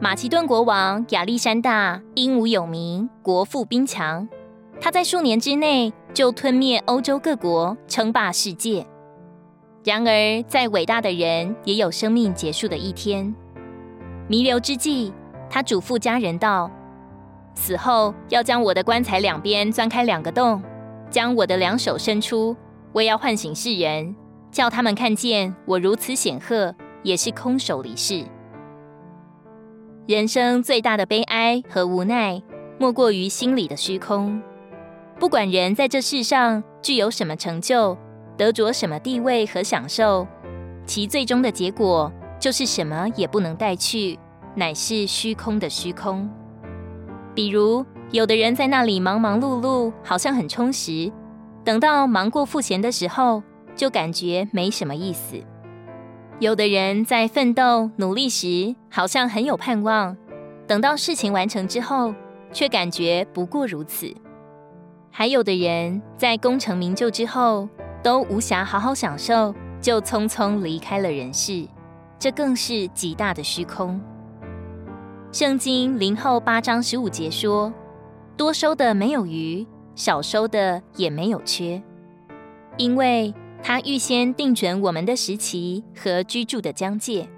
馬其頓國王亞歷山大英武有名，國富兵強。他在數年之內就吞滅歐洲各國，稱霸世界。然而，再偉大的人也有生命結束的一天。彌留之際，他囑咐家人道：“死後要將我的棺材兩邊鑽開兩個洞，將我的兩手伸出，我要喚醒世人，叫他們看見我如此顯赫，也是空手離世。”人生最大的悲哀和無奈，莫過於心裡的虛空。不管人在這世上具有什麼成就，得着什麼地位和享受，其最終的結果就是什麼也不能帶去，乃是虛空的虛空。比如，有的人在那裡忙忙碌碌，好像很充實，等到忙過復閒的時候，就感覺沒什麼意思。有的人在奮鬥努力時，好像很有盼望；等到事情完成之後，卻感覺不過如此。還有的人在功成名就之後，都無暇好好享受，就匆匆離開了人世，這更是極大的虛空。聖經林後八章十五節說：“多收的沒有餘，少收的也沒有缺。”因為他預先定準我們的時期和居住的疆界，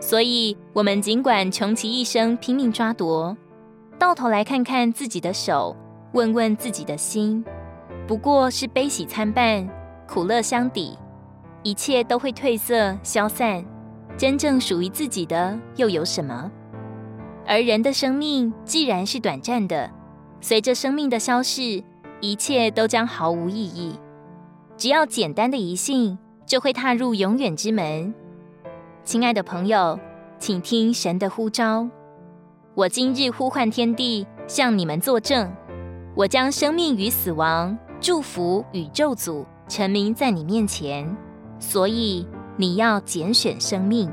所以我們儘管窮其一生拼命抓奪，到頭來看看自己的手，問問自己的心，不過是悲喜參半，苦樂相抵，一切都會褪色消散。真正屬於自己的又有什麼？而人的生命既然是短暫的，隨着生命的消逝，一切都將毫無意義。只要簡單的一信，就會踏入永遠之門。親愛的朋友，請聽神的呼召。我今日呼喚天地，向你們作證，我將生命與死亡，祝福與咒詛，陳明在你面前，所以你要揀選生命！